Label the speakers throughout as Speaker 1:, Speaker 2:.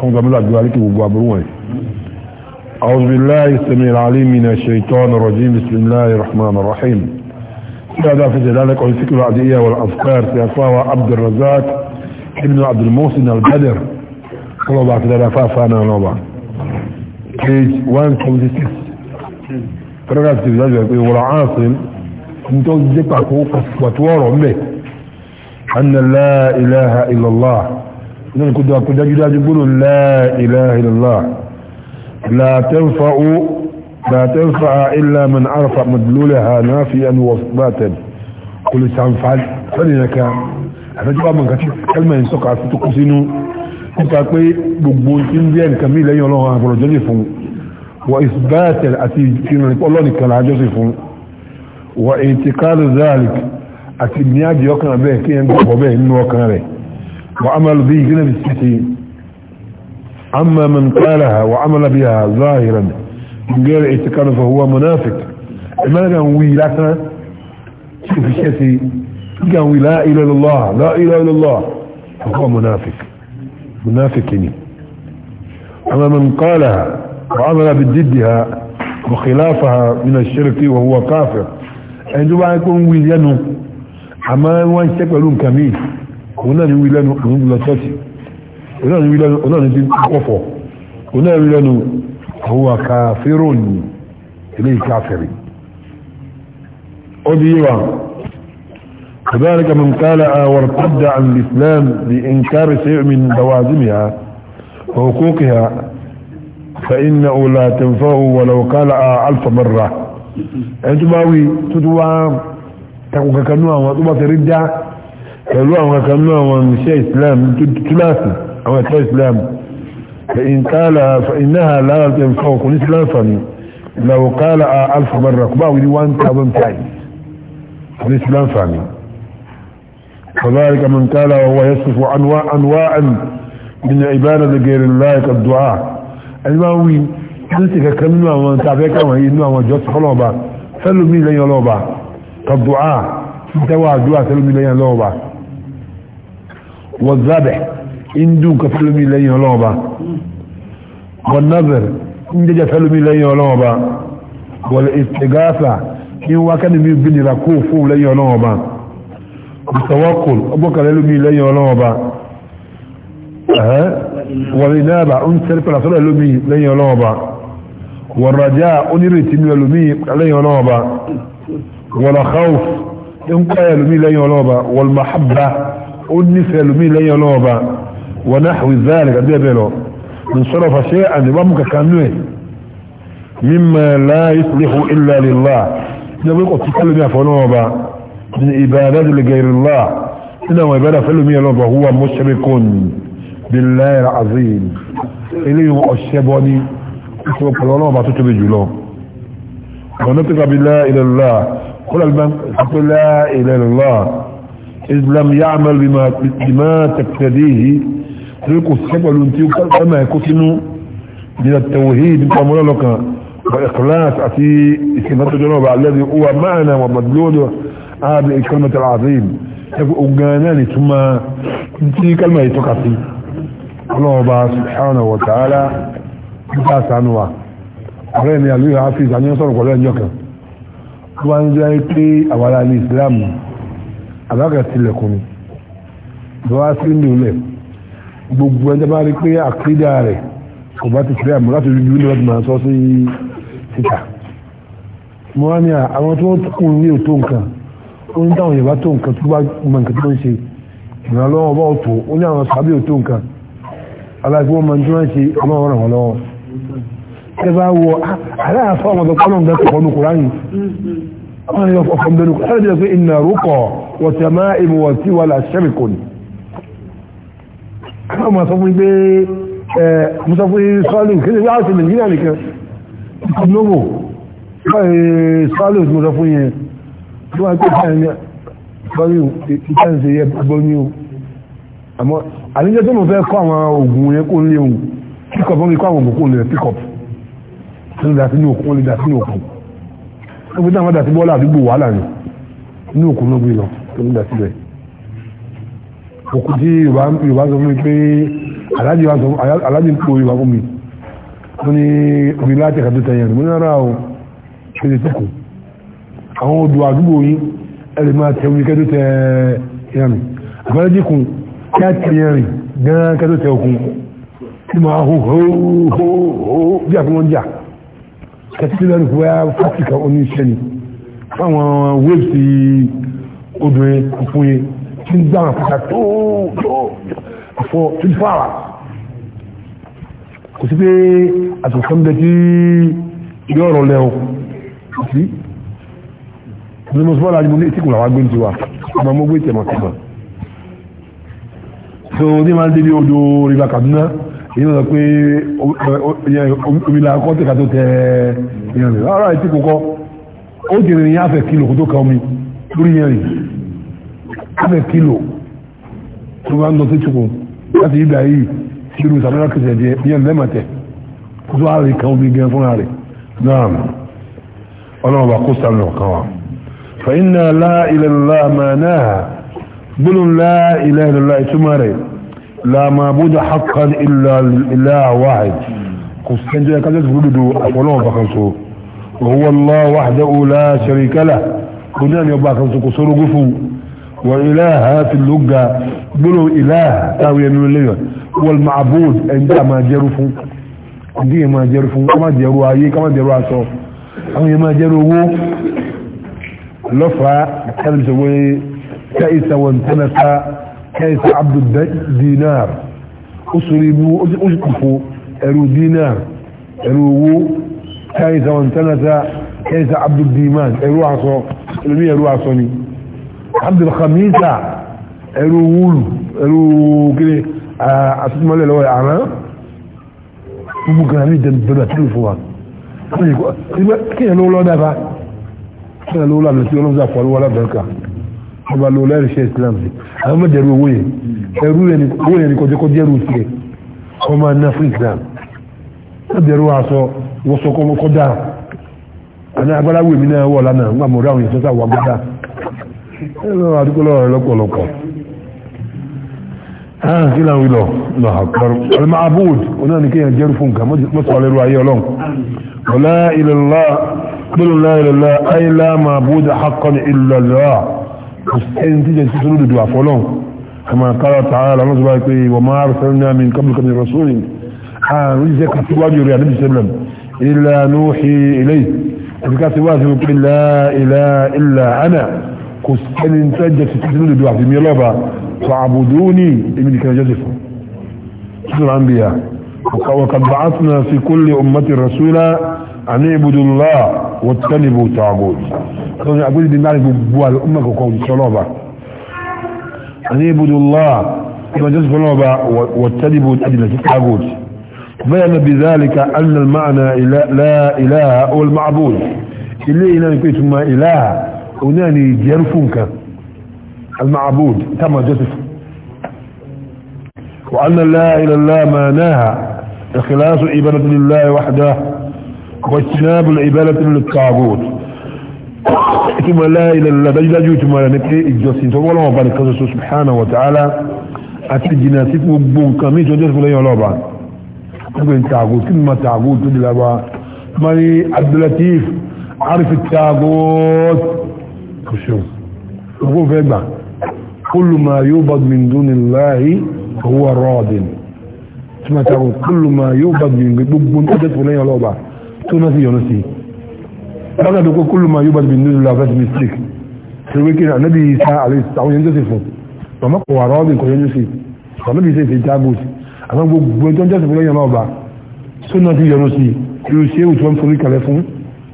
Speaker 1: خمسة ملعب ذلك وبابروي أعوذ بالله السميع العليم من الشيطان الرجيم بسم الله الرحمن الرحيم هذا في جلالك عن فكر العدئية والأفكار سيفاوى عبد الرزاق ابن عبد المحسن البدر الله بعد ذلك فافانا نوبا page 176 paragraph 6 láti ẹgbẹ́ wọ́n ránṣin ní tó jẹ́ pàkó pàtó ọ̀rọ̀ mẹ́ annala ilaha illallah nínú kó dákú dájúdájú gbónú la ilaha illallah la tanfa'u la tanfa'a illa man arafa madlulaha nafi'an wa batan kò lè sàǹfààní sọ́nì yẹn ká àtàjú bá mọ̀nkà tí kálmà yẹn sọ́kà sí tó kú sínú nípa pé gbogbo tí ń bí ẹnìkan mí lẹ́yìn ọlọ́run àgbọ̀rọ̀ jọ́sìn fún wa isbatan àti kan láà وعمل به جنب الستين أما من قالها وعمل بها ظاهرا من غير اعتقاد فهو منافق لماذا كان لك شوف الشيء كان لا إله إلا الله لا إله إلا الله فهو منافق منافق يعني أما من قالها وعمل بالجدها وخلافها من الشرك وهو كافر عندما يكون ويلينه أما وان شكلهم كميل òun náà ni wí lẹ́nu òun lọ sọ́ọ̀tì òun ni ni ní di كذلك من قال وارتد عن الإسلام بإنكار شيء من لوازمها وحقوقها فإنه لا تنفعه ولو قال ألف مرة أنتم باوي تدوا تقوك كنوا وطبة pẹ̀lú àwọn kan náà wọn iṣẹ́ islam túláàsì àwọn ẹ̀tọ́ islam ináhà lára tẹ̀ fọ́ ọkùnrin islam fani làwọ̀kálà alfabarra kúbà wí ní 1000 times ní islam fani فذلك من قال وهو يصف انواع انواعا من عبادة غير الله كالدعاء الماوي تلتك كم نوع من تعبيك وهي نوع من جوت خلوبا فلو مين لن يلوبا كالدعاء توا الدعاء فلو مين لن يلوبا والذبح إن دون كفلمي لي هلوبا والنظر إن دجا فلمي لي هلوبا والاستغاثة إن وكان مي بني ركوفو لي هلوبا التوكل أبوك للمي لي هلوبا أه. والإنابة أن سلف الأصول للمي لي هلوبا والرجاء أن ريت يرتم للمي لي هلوبا ولا خوف إن قال مي لي هلوبا والمحبة ó nífẹ̀ẹ́ lómi lẹ́yìn ọlọ́ọ̀ba wọn náà hàwí záàlì kàbí ẹ̀bẹ̀ lọ ń sọ̀rọ̀ fàṣẹ àdìbàmù kankan nù ẹ̀ mímọ̀ láàyè ìsìlẹ̀hù illa lillah ní ọgbẹ́ kọ̀tí kálómi àfọlọ́ọ̀ba ní ìbàdà lè gẹ̀rẹ̀ lá nínú àwọn ìbàdà fẹ́lómi إذ لم يعمل بما, بما تقتديه تلك السبب الانتيو كما يكتنوا من التوحيد كما لك وإخلاص أتي إسمات الجنوب الذي هو معنى ومدلول هذه الكلمة العظيم أغاناني ثم انتي كلمة يتقفي الله سبحانه وتعالى بتاس عنواه أخرين يا ليه عفيز عن ينصر قولين يكا وانجا يكي أولا الإسلام àbága tilẹ̀kùn ni lọ́wọ́ sí ní ilẹ̀ gbogbo ẹjọ́ bá rí pé àkídà rẹ̀ kò bá ti fẹ́ àmọ́ láti rí níwájú máa sọ sí síta mo wá ní àwọn tó kùn ní òtó nǹkan ó ní táwọn yorùbá tó nǹkan tó bá mọ nǹkan tó ń ṣe ìrànlọ́wọ́ bá òtó ó ní àwọn sábẹ́ òtó nǹkan aláìsí wọn máa ń tó ń ṣe ọlọ́run ràn wọ́n lọ́wọ́ ẹ bá wọ aláàfọ́ ah, ọmọdé kọ́lọ́ọ̀dẹ́ kọ̀ọ̀nù kùráyìn mm-hmm. wọ́n ní ọkọ̀ ọ̀fọ̀ وتمائم وسوى الشبك káwọn máa sọ fún pé ẹ mo sọ fún sọ́ọ̀lù kéde bí àti nàìjíríà nìkan ìpínlọ́wọ̀ báyìí sọ́ọ̀lù tí mo sọ fún yẹn tí wọ́n pè fún ẹ̀yẹ sọ́ọ̀lù ìtàn ṣe yẹ gbọ́ ní o àmọ́ àníjẹ́ tó mo fẹ́ kọ́ àwọn oògùn yẹn kó lé òun pick up wọ́n mi kọ́ àwọn oògùn kó lè pick up sínú dà sínú òkun wọ́n lè dà sínú òkun wọ́n fi dáhùn dà nígbà síbẹ̀ òkú tí yorùbá sọ fún mi pé aláàjì ń po yorùbá fún mi wọ́n ní omi láti ẹ̀ka tó tẹ̀yẹ̀ rẹ̀ mo ní ara o ṣe lè sẹ́kù àwọn odò àdúgbò yín ẹ lè máa tẹ omi kẹ́ tó tẹ ẹ̀yẹ̀ mi àbẹ́rẹ́ dínkùn kí á tẹ ẹ̀yẹ̀ rìn gan kẹ́ tó tẹ òkun tí máa hó hó hó hó bí àfihàn jà kẹ́tí lẹ́nu kó wáyà fásitì kan oníṣẹ́ ni fáwọn wéèsì obìnrin fún yé tí ń gbà kàkà tó tó fọ twenty four hours kò sí pé àtúntò ń bẹ tí ilé ọ̀rọ̀ lẹ o kò sí ní mo sọ́ọ́lá ni mo ní ìtìkùn làwọn agbé ń tiwa ọmọ mo gbé tẹ̀mọ̀ tẹ̀mọ̀ so ní máa ń débi odò rìbá Kaduna èyí ló sọ pé omi la kọ́ tẹ̀ka tó tẹ̀ ẹ̀yàn rẹ̀ rárá ìtìkùn kọ́ ó jẹ̀rẹ̀ ní afẹ́ kìlò kó tó ka omi lórí yẹn rìn hundred kilo tó bá ń lọ sí tukù láti ibà yìí sí irú sàmúlá kìsẹ̀ díẹ̀ yẹn lẹ́mọ̀tẹ̀ kó tó àárẹ̀ kan omi gan fúnra rẹ̀ náà ọlọ́run bá kó sàmì ọ̀kan wa fa inna la ilallah manaha gbólóhùn la ilaha illallah ìtumọ̀ rẹ̀ la mabuda haqqan وإله في اللغة قولوا إله تاوي اللغة والمعبود أنت ما جرفوا دي ما جرفوا كما جروا أي كما جروا أصو أما ما جروا لفا كلم سوي كيس وانتنس كيس عبد الدينار أسربوا أسقفوا أرو دينار أرو كيس وانتنس كيس عبد الديمان أرو عصو المية أرو عصوني abdul khamisa ẹrù wúlù ẹrù kiri àtúntúmọ̀lẹ̀ lọ́wọ́ àná gbogbo kan ní ìdẹ́nu bẹ̀rẹ̀ àti ìlú fún wa kí ẹ̀ lówó lọ́dà bá kí ẹ̀ lówó lọ́dà tí ọlọ́run sàfọ́ lọ́wọ́ lábẹ́ẹ̀ká ọba lówó lẹ́rìí ṣe islam sí àwọn mẹ́jẹ̀rú owó yẹn ẹrú yẹn ni kọjọ́ kọjọ́ ẹrú sí ẹ̀ ọmọ náà fún islam mẹ́jẹ̀rú aṣọ wọ́sọkọ́ kọjá àná agbára wèmí náà wọ̀ lánàá ń ẹ̀rọ àdúgbò lọ́rọ̀ lọ́pọ̀lọpọ̀ ẹ̀rọ sí láwọn ilọ̀ lọ àkọrọ ọlọ́mọ abúd onáà ní kéèyàn jẹ́rù fún nǹkan mọ́sọ̀lẹ́rù ayé ọlọ́run ọlá ilẹ̀lá gbọ́lọ́lá ilẹ̀lá ayélá máa bú dá akọ́ ní ilẹ̀lá ẹni tí jẹ́sí sínú dùdù àfọ́lọ́n kama kára tààrà lọ́nà tó bá pé wọ́n máa rẹ̀ sẹ́rìn náà mi kábùlù kàmi rasúlì àrùn jẹ́ kàtí wájú rẹ̀ àdébì sẹ́lẹ̀m ilẹ̀ nuhi ilẹ̀ ilẹ̀ kò sẹ́ni tó jẹ́ ti tẹ́tí lódodo àti mi ọlọ́ba tó àbùdó ní èmi nìkan jẹ́ ti fún sísèlú àmbìyà وقد بعثنا في كل أمة رسولا أن اعبدوا الله واجتنبوا الطاغوت. أنا أن اعبدوا الله كما جزف الله بذلك أن المعنى لا إله هو المعبود. إليه إنه يكون ثم إله هناني جيرفونكا المعبود تم جسد وأن لا اله الا الله معناها إخلاص إبادة لله وحده واجتناب العبادة للتعبود ثم لا إلى الله دجل أجو ثم لا نبقي إجاسين ثم الله سبحانه وتعالى أتي جناسيك وبون كمي جنجر فلا يعلو بان تعبود كل ما تعبود تدل أبا ماني عبد اللطيف عرف التعبود kò ṣeun owó fẹ́ gbà kullu ma yu'bad min dunillahi huwa radin tí ma tàbí kullu ma yu'bad min gbogbo tó jẹ́ tó lẹ́yìn ọlọ́ọ̀bà tó náà sì yọ̀nà sí lọ́nà tó kó kullu ma yu'bad min dunillahi fẹ́ sí mistake ṣe wé kí ní ànábì isa àlẹ́ àwọn yẹn jọ́sìn fún màmá kò wà radin kò yẹn jọ́sìn ànábì isa ìṣe jábòsì àwọn gbogbo tó jọ́sìn fún lẹ́yìn ọlọ́ọ̀bà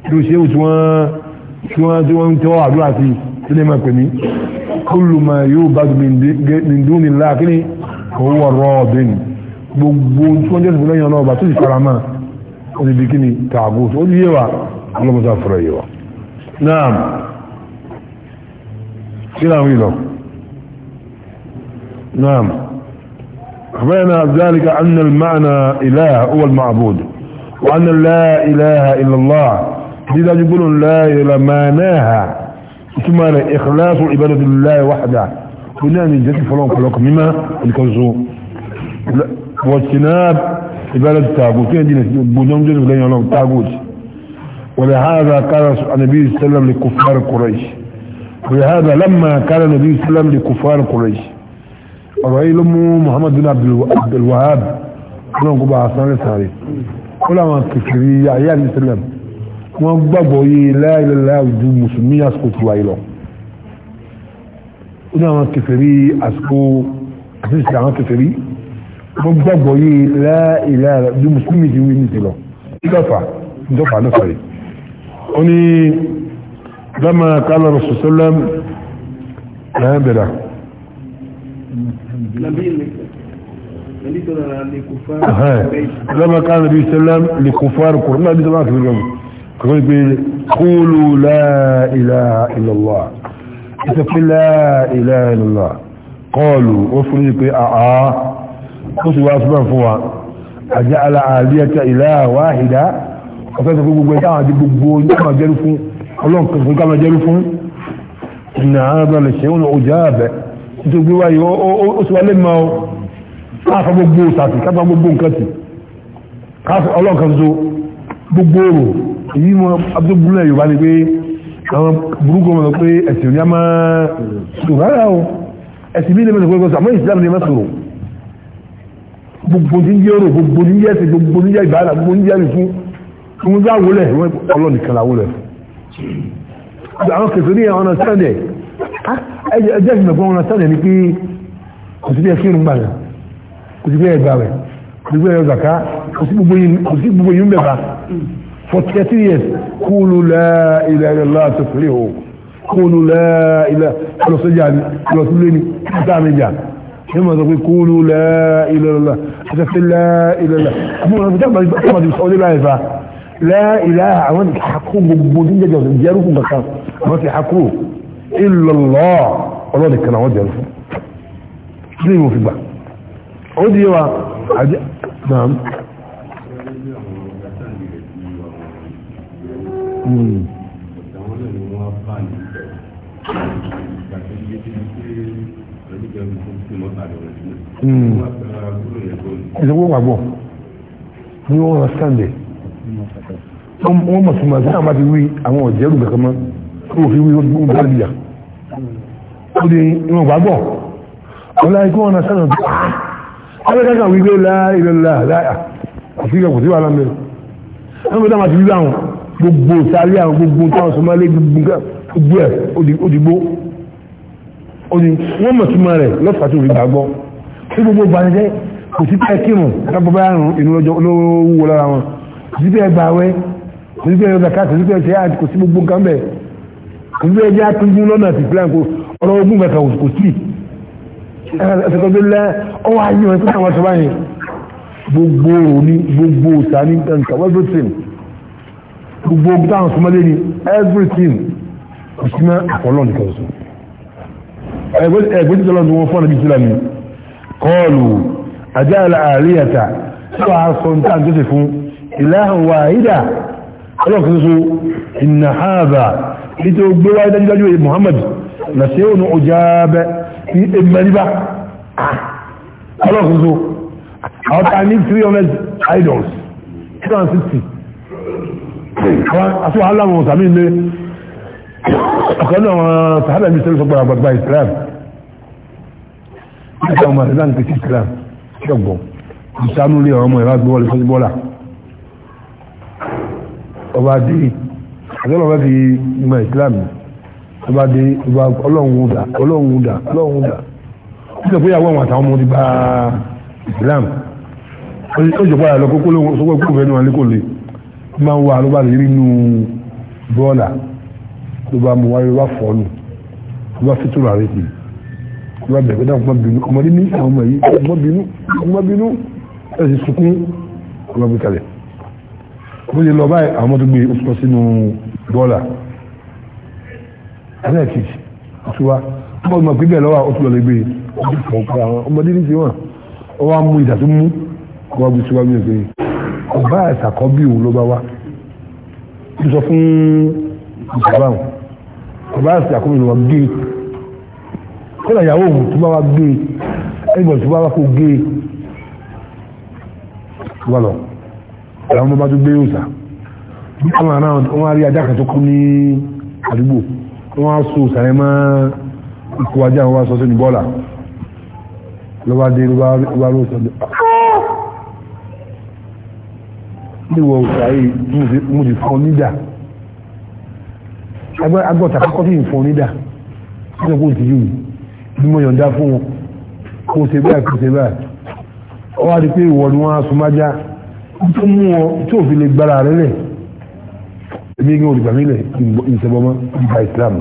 Speaker 1: tó tí wọ́n tí wọ́n tí wọ́n àdúrà sí sílé máa pè mí kullu ma yu'badu min dunillahi kí ni òun wọ̀ rọ ọ̀bìn gbogbo tí wọ́n jẹ́sùn lẹ́yìn ọlọ́ọ̀bà tó sì fara máa ó ti di kí ni tààgó ó ti yé wa ọlọ́mọdé àfọ̀rọ̀ yé wa náà kí làwọn ìlọ نعم أخبرنا ذلك أن المعنى إله هو المعبود وأن لا إله إلا الله dídájú gbónà láàyè lamanáà ìtumọ̀ rẹ̀ ikhlasu ibadatullahi wahda ó ní àmì ìjẹ́sì fọlọ́n kọlọ́kọ̀ mímá nǹkan so wọ̀tíná ibadatu tagut tí ẹ̀dínà sí gbójọ́ jẹ́sì lẹ́yìn ọlọ́run tagut ولهذا قال النبي صلى الله عليه وسلم لكفار قريش ولهذا لما قال النبي صلى الله عليه وسلم لكفار قريش ọ̀rọ̀yìn ló mú Muhammad bin Abdul Wahhab ọlọ́run kó bá a sáré sáré ó wọ́n gbàgbọ́ yé láìláìlá ojú mùsùlùmí àsìkò tiwa yìí lọ ó ní àwọn kèfèrí àsìkò àti ìsìn àwọn kèfèrí wọ́n gbàgbọ́ yé láìláìlá ojú mùsùlùmí ti wí ní ti lọ ìdọ́fà ìdọ́fà ló sọ̀rọ̀ ó ní dámà kálọ̀ rọ̀sọ̀sọ́lẹ́m ẹ̀hán bẹ̀rẹ̀ لما كان النبي صلى الله عليه وسلم لكفار قرآن ما بيتبعك في الجمهور قلبي قولوا لا إله إلا الله اتقل لا إله إلا الله قالوا وفريق أعا قسوا أصبان فوا أجعل عالية إله واحدة وفتقوا بجاعة بجبون كما جرفوا اللهم قسوا كما جرفوا إن هذا لشيء أجاب تقول واي أسوى لما كافة بجبون ساتي كافة بجبون كاتي كافة اللهم قسوا بجبون èyí mọ abdulbulẹ̀ yorùbá ni pé àwọn burúkú ọmọ pé ẹ̀sìn ní a máa sùn rárá o ẹ̀sìn bíi ní mẹ́sàn gbogbo àmọ́ ìsìlámù ní mẹ́sàn o gbogbo ní jẹ́ ọ̀rọ̀ gbogbo ní jẹ́ ẹ̀sìn gbogbo ní jẹ́ ìbára gbogbo ní jẹ́ ìfún fún bí àwòlẹ̀ ọlọ́ọ̀nì kan àwòlẹ̀ àwọn kẹsàn-án ní ọ̀nà sànẹ̀ ẹjẹ́ ìsìn mẹ́fọ́ ọ̀nà sànẹ̀ ni pé kò sí bí ẹ kírun gbàgbà kò sí bí ẹ gbàgbà kò sí bí gbàgbà kò sí gbogbo yìí ń bẹ̀ bá 43 years kúlù láìlà ìlàlá àtọ̀fẹ́lẹ̀ o kúlù láìlà ọlọ́sọ́jà ni ọlọ́sọ́lé ni títà méjà ní ma sọ pé kúlù láìlà àtọ̀fẹ́lẹ̀ ìlàlá àbúrò náà tẹ́lẹ̀ tẹ́lẹ̀ tẹ́lẹ̀ sọ́ọ́dẹ́ láì fa láìlà àwọn ìhàkó gbogbo ní jẹjọ jẹrùkù kankan àwọn ti hàkó ìlọlọ ọlọ́dẹ kan àwọn jẹrùkù kí ni mo fi gbà ó di wa àjẹ náà àwọn náà ni wọ́n bá ní ìfẹ́ ìgbà tó yé ti di pé ẹ̀ẹ́dẹ́gbẹ́ gbogbo tí wọ́n tàbí wọn sílẹ̀ wọ́n fẹ́ kúrò yẹn tó ní. ẹ̀sìn wọ́n gbàgbọ́ ní wọ́n rán sànńdẹ̀ wọ́n mọ̀ sí màsí àwọn àti wí àwọn ọ̀jẹ́ rúbẹ̀ kan mọ́ kí wọ́n fi wí wọ́n bá níyà ó di ìwọ̀n gbàgbọ́ ọ̀la ikú wọn rán sànńdẹ̀ ọ̀la ikú wọn rán sànńdẹ̀ gbogbo sáré àwọn gbogbo táwọn sọmọlé gbogbo gbogbo ẹ̀ òdìgbò òdì wọ́n mọ̀ túnmọ̀ rẹ̀ lọ́fà tó rí gbàgbọ́ tí gbogbo ìbànújẹ́ kò sí tẹ́ kírun lábọ́bá àrùn inú lọ́jọ́ olówó lára wọn kò sí tẹ́ gbàwẹ́ kò sí tẹ́ yọ zakat kò sí tẹ́ tẹ́ àti kò sí gbogbo nǹkan bẹ̀ kò sí tẹ́ jẹ́ àtúndún lọ́nà àti plan kò ọ̀rọ̀ ogun mẹ́ta kò sí ẹ̀sẹ̀kọ́gbẹ́lẹ́ ọwọ́ ayé wọn tó àwọn sọ báyìí gbogbo òní gbogbo òsà ní nǹkan wọ́n gbogbo táwọn súnmọ́lé ni everything kò sí mọ́ àkọlọ́ nìkan sùn ẹgbẹ́ títọ́lọ́ ní wọ́n fọ́nà bí sílẹ̀ mi kọlù àjá àríyàtà tí wà á sọ ní tàbí tó fún ìlàhàn wà ìdà ọlọ́kọ̀ọ́sọ́ ìnà hàbà ní tó gbé wáyé dájúdájú èyí Muhammad na ṣe òun ọjà bẹ ní emeliba ọlọ́kọ̀ọ́sọ́ àwọn tàbí 300 idols 260 àti wàhálà wọn sàmì ilé ọ̀kan náà wọn sàhálà mi sẹ́lẹ̀ sọ́gbà àgbàgbà islam nígbà wọn àti láǹtẹ̀ sí islam ṣọ̀gbọ̀n ìsánú lé ọmọ ìlà gbọ́ wọlé fọ́sí bọ́là ọba dé àtọ́lọ́ bá fi ìmọ̀ islam ọba dé ọba ọlọ́run dà ọlọ́run dà ọlọ́run dà ó sọ pé ìyàwó àwọn àtàwọn ọmọ ti bá islam ó jọ padà lọ kókó lóhun sọ pé kókó fẹ́ kò le máa ń wá ló bá lè rí inú bọ́ọ̀là ló bá mú wáyé wá fọ́ọ̀nù ló bá fi tó rárẹ̀ pé ló bá bẹ̀rẹ̀ dáhùn kọ́mọ bínú ọmọdé ní àwọn ọmọ yìí kọ́mọ bínú kọ́mọ bínú ẹ̀ sì sunkún ọmọ bí kalẹ̀ bó ṣe lọ báyìí àwọn tó gbé oṣù e, kan sínú bọ́ọ̀là ẹlẹ́ẹ̀kejì oṣù wa ọmọ ìmọ̀ pípẹ́ lọ́wọ́ oṣù lọ́lẹ́ gbé e. ọmọdé ní ti wọn ọwọ́ mú ìdà tó mú ọwọ́ gbé síwájú ẹ̀ ọba àṣàkọ́ bí òun ló bá wá ó sọ fún ìjọba òun ọba àṣàkọ́ bí òun wá gé kọ́lá ìyàwó òun tó bá wá gé ẹgbẹ̀rún tó bá wá kó gé wà lọ àwọn ọmọ bá tó gbé òòsà bí àwọn àná wọn rí ajá kan tó kú ní àdúgbò wọn á so òòsà mọ́ ikú ajá wọn wá sọ sínú bọ́ọ̀là lọ́wọ́ adé ló bá rí òòsà níwọ̀ òṣàyè mo sì fún nídà agbọ́ta kọ́kọ́ sì fún nídà nígbà kó ti yìí bí mo yọ̀ǹda fún wọn kó ṣe báyìí kó ṣe báyìí ọ wá di pé ìwọ ni wọn á sún májá tó mú wọn tó fi lè gbára rẹ lẹ èmi gé olùgbà mi lẹ ìṣẹ̀bọmọ ìgbà ìsìlámù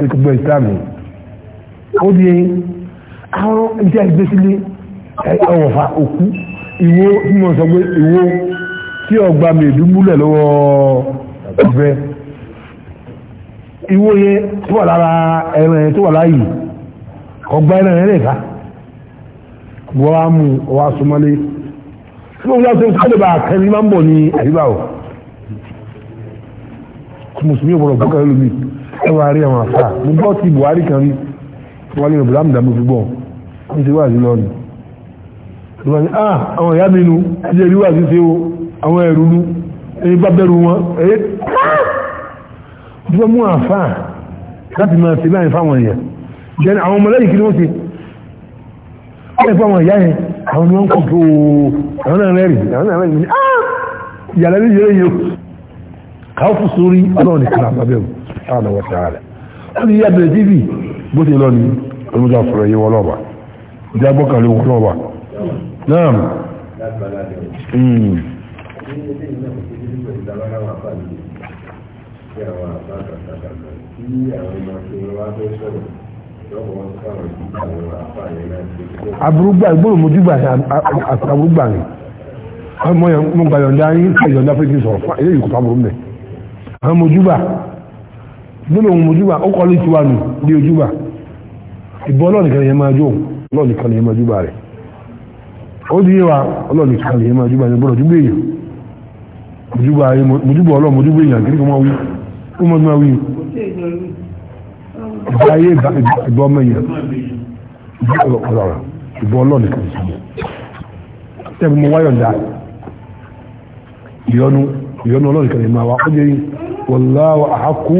Speaker 1: ẹ̀kọ́ ìsìlámù ó di àwọn ìjà ìgbésílẹ̀ ọ̀wọ̀fà òkú ìwó tí mo sọ pé ìwó tí ọgbà mèdúmúlẹ̀ lọ́wọ́ ọ̀fẹ́ ìwó yẹ tó wà lára ẹran ẹ̀ tó wà láàyè ọgbà ẹran ẹ̀ lẹ́ka wọ́n á mú ọwọ́ asọmọlé tí wọ́n yá sọ pé bá kẹrin máa ń bọ̀ ní àyíbá o mùsùlùmí ò gbọ́dọ̀ gbọ́kànlé lómi ẹ wá rí àwọn àfà mo gbọ́ ti Buhari kan rí wọ́n lé ìbùlámù dàmú fi gbọ́ ń ṣe wáyé lọ́nìí wọ́n ni ah àwọn ìyá mi nu ẹjẹ́ ìlú wà síse o àwọn ẹ̀rù nu ẹni bá bẹ̀rù wọn ẹ̀ dúpọ̀ ah! mú àfà láti máa ṣe báyìí fáwọn èèyàn jẹ́ni àwọn ọmọlẹ́yìn kí ni wọ́n ṣe ẹ̀ fún àwọn ìyá yẹn àwọn ni wọ́n kọ̀ tó àwọn náà rẹ̀ rìn àwọn náà rẹ̀ rìn ah ìyàlẹ́ ní ìyẹ́lẹ́ yìí káwọ́ fún sórí ọlọ́run nìkan àbábẹ́rù sáà lọ́wọ́ sáà rẹ̀ wọ́n ti yá bẹ̀rẹ̀ tv bó ti lọ ni olùdó àfọ̀rọ̀ yìí wọ́n lọ́ọ̀bà ìdí agbọ́kànlé wọ́n lọ́ọ̀bà náà aburugba ìgbóhùn mojúgbà aburugba ni mo gba yọ̀nda yín ká yọ̀nda fún ìkíni fún ilé ìkùtà aburú mẹ́ àwọn mojúgbà gbóhùn mojúgbà ó kọ́ lé tiwa nù bí ojúgbà ìbọn lọ́nìkan yẹn máa jó lọ́nìkan yẹn máa júbà rẹ̀ ó di wa ọlọ́ọ̀lì kan lè máa júbà yẹn gbọ́dọ̀ júbà èèyàn mojúbà ayé mojúbà ọlọ́ọ̀ mojúbà èèyàn wí máa wí ìgbà ayé ìgbà ọmọ ìgbà mo wáyọ̀ dá ìyọnu ìyọnu máa wá àhákú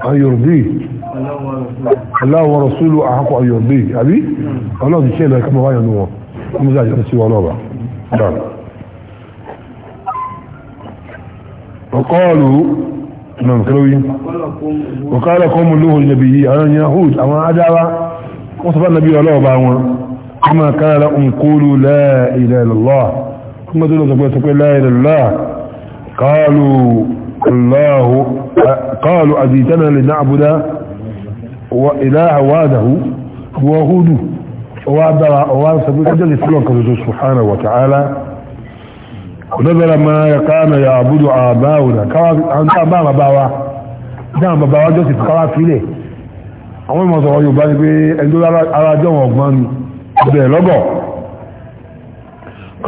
Speaker 1: àhákú àbí musa yọ sí wọn ọba dàn. ọkọọlù náà kẹlẹ́wì ọkọọlù kọ́ mu lóhùn jẹ̀bi yìí àwọn yahud àwọn adáwa wọ́n sọ fún nàbí ọlọ́ọ̀bá wọn kọ́mà kára nkúlù láìlẹ́lọ́lá kọ́mà tó lọ sọ pé sọ pé láìlẹ́lọ́lá kọ́ọ̀lù الله قالوا أجيتنا لنعبد وإله واده وهود وادرى اوان سبيل اجل يسلوك الله سبحانه وتعالى ونظر ما كان يعبد آباؤنا كان آباء مباوا كان مباوا جوسف كان فيلي àwọn ìmọ̀ sọ̀rọ̀ Yorùbá ní pé ẹjọ́ ara jọ wọn ọgbọ́n ni ọdẹ lọ́gọ̀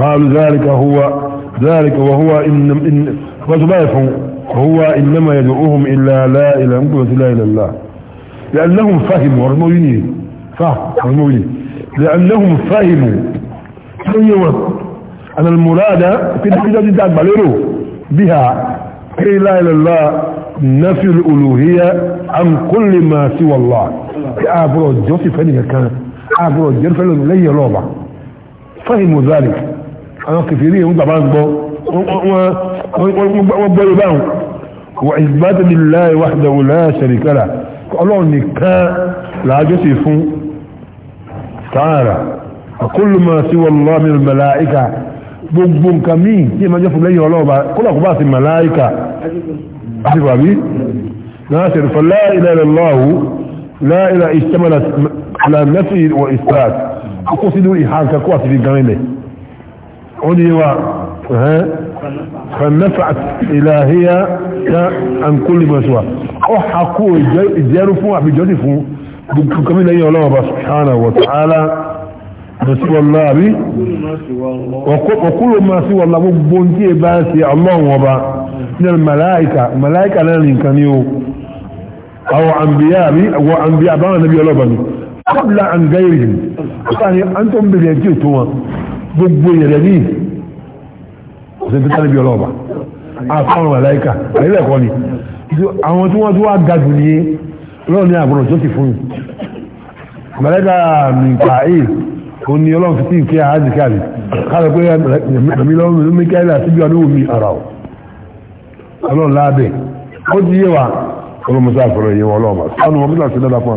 Speaker 1: قالوا ذلك هو ذلك وهو إن فسبايفهم هو إنما يدعوهم إلا لا إله إلا الله لأنهم فهموا رمويني فهم رمويني لأنهم فهموا أيوة أن المرادة في الحجة دي تعباليرو بها كي لا إلى الله نفي الألوهية عن كل ما سوى الله أعبروا الجوسي فنية كان أعبروا الجر فلن لي لوبة فهموا ذلك أنا كثيرين هم طبعا وبيبان وإثبات لله وحده لا شريك له الله نكا لا جوسي فون تعالى وكل ما سوى الله من الملائكة بمبن كمين كما جفوا لي والله كل أخباث الملائكة أحبوا أبي ناصر فلا إله إلا الله لا إله اجتملت على نفي وإثبات وقصدوا إحاكا قوات في قرينة قولي و فالنفعت إلهية عن كل ما سوى أحقوا جرفوا بجرفوا gbogbo kami lẹ́yìn ọlọ́wọ́ bá subhanahu wa ta'ala lọ́síwọ́lá àbí ọkùnrin máa síwọ́lá gbogbo tí ẹ bá ń ṣe ọlọ́wọ́ ọba nínú màláìkà màláìkà náà nìkan ni ó àwọn àǹbíyà àbí àwọn àǹbíyà báwọn nàbí ọlọ́ba ni kọ́bùlà àǹgáyìrì nípa ni à ń tó ń bèrè ẹjọ́ tó wọn gbogbo ìrẹ̀ ní ọ̀sẹ̀ tó tánàbí ọlọ́ba àfọ̀n màláìkà àyẹ̀lẹ̀kọ́ ni àwọn tí wọ́n tó wá gajù nìyẹn ọlọ́run ní àbúrò tó sì fún mi mẹlẹ́dà mikael ó ní ọlọ́run fìtí ìké àádìkàlì káàkiri pé ẹ̀mí lọ́wọ́ mi mikael àti bí ọdún mi ara ọ̀ ọlọ́run láàbẹ̀ ó ti yé wa ọlọ́run musa àfọlọ́ yé wọn ọlọ́run sanu wọn kíláàsì dáadáa fún wa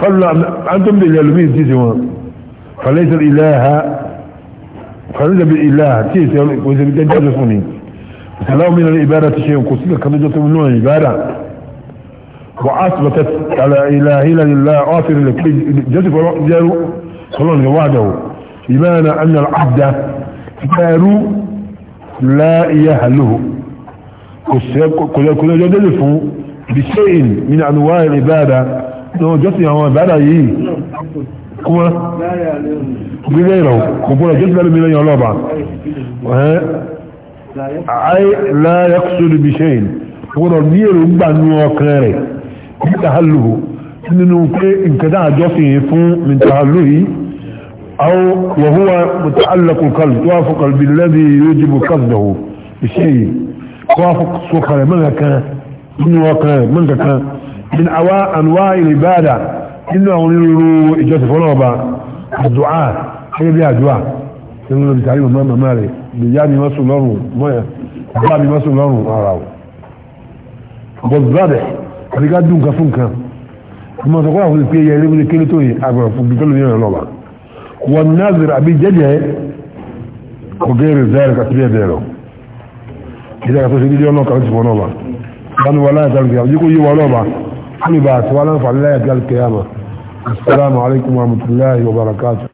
Speaker 1: fọlọ́ àtúndì ilẹ̀ lómi ti ti wọn fọlẹ́sẹ̀ ilẹ̀ ha fọlẹ́sẹ̀ ilẹ̀ ha tí èsì ọ̀sẹ̀ mi وأثبتت على إله إلا لله غافر لكل جسد جارو صلى وعده إيمان أن العبد جارو لا يهله كل يدلف بشيء من أنواع العبادة لو جسد هو عبادة يهي كما لا بغيره كبولا جسد من يولوبا أي لا يقصد بشيء هو نير بانو كره من انه ان كده جوفي يفون من تحلله او وهو متعلق القلب توافق بالذي يجب قصده بشيء توافق سوخة منها كان من واقع منها كان من اواء انواع الابادة انه انه اجازة فلوبة الدعاء حيث بها دعاء يقول الله بتعليم ماما مالي بجابي مسؤول لنه بجابي مسؤول لنه اعراه والذبح àti ká dùn nǹkan fún nǹkan ọmọ sọ kọ́ra fún pé yẹ ẹni wọlé kéle tó yẹ agbára fún bí pẹ́lú yẹn lọ́ba wọn náà zèrè àbí jẹ́jẹ́ ọgẹ́rẹ́ zẹ́rẹ́ kàtí bẹ́ẹ̀ bẹ́ẹ̀ lọ ìdá kàtó sí ilé ọlọ́kà ti wọn lọ́ba wọn wà láyé kàlùkì àwọn yíkó yé wọn lọ́ba wọn bá àti wọn láǹfà láyé kàlùkì yàmà assalamu wa rahmatullahi wa barakatuh